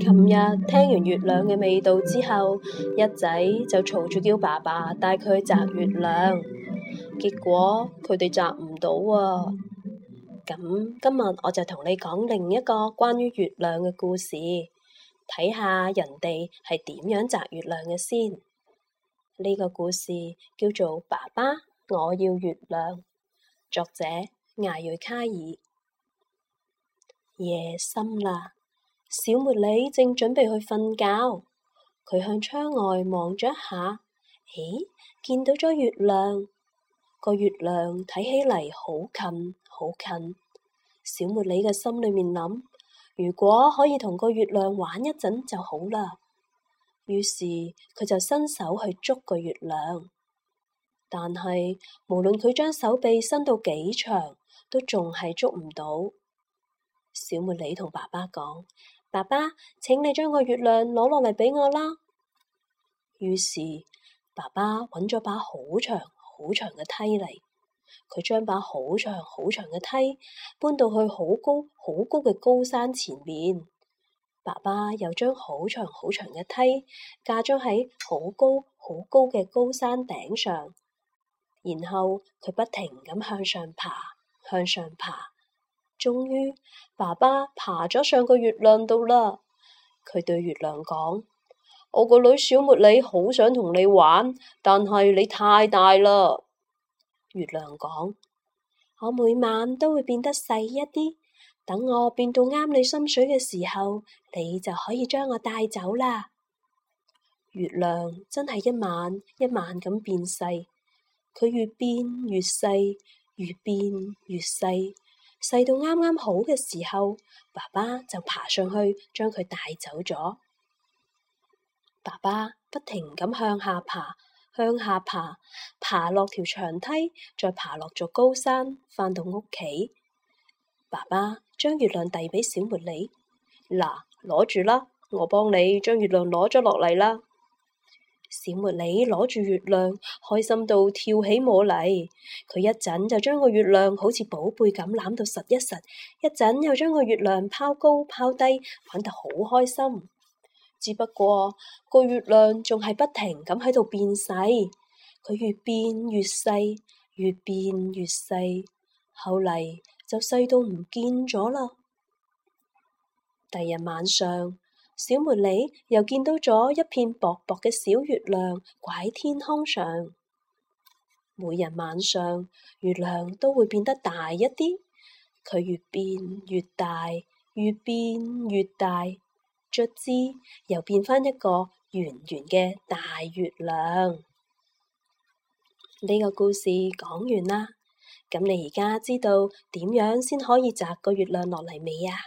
琴日聽完月亮嘅味道之後，一仔就嘈住叫爸爸帶佢去摘月亮，結果佢哋摘唔到啊！咁今日我就同你講另一個關於月亮嘅故事，睇下人哋係點樣摘月亮嘅先。呢個故事叫做《爸爸我要月亮》，作者艾瑞卡爾。夜深啦。小茉莉正準備去瞓覺，佢向窗外望咗一下，咦，見到咗月亮，個月亮睇起嚟好近好近。小茉莉嘅心裏面諗：如果可以同個月亮玩一陣就好啦。於是佢就伸手去捉個月亮，但係無論佢將手臂伸到幾長，都仲係捉唔到。小茉莉同爸爸講。爸爸，請你將個月亮攞落嚟俾我啦。於是，爸爸揾咗把好長好長嘅梯嚟，佢將把好長好長嘅梯搬到去好高好高嘅高山前面。爸爸又將好長好長嘅梯架咗喺好高好高嘅高山頂上，然後佢不停咁向上爬，向上爬。終於，爸爸爬咗上個月亮度啦。佢對月亮講：我個女小茉莉好想同你玩，但係你太大啦。月亮講：我每晚都會變得細一啲，等我變到啱你心水嘅時候，你就可以將我帶走啦。月亮真係一晚一晚咁變細，佢越變越細，越變越細。細到啱啱好嘅時候，爸爸就爬上去將佢帶走咗。爸爸不停咁向下爬，向下爬，爬落條長梯，再爬落座高山，返到屋企。爸爸將月亮遞俾小茉莉，嗱、啊，攞住啦，我幫你將月亮攞咗落嚟啦。小茉莉攞住月亮，開心到跳起舞嚟。佢一陣就將個月亮好似寶貝咁攬到實一實，一陣又將個月亮拋高拋低，玩得好開心。只不過個月亮仲係不停咁喺度變細，佢越變越細，越變越細，後嚟就細到唔見咗啦。第二日晚上，小梅里又見到咗一片薄薄嘅小月亮掛喺天空上。每日晚上，月亮都會變得大一啲，佢越變越大，越變越大，卒之又變返一個圓圓嘅大月亮。呢個故事講完啦，咁你而家知道點樣先可以摘個月亮落嚟未啊？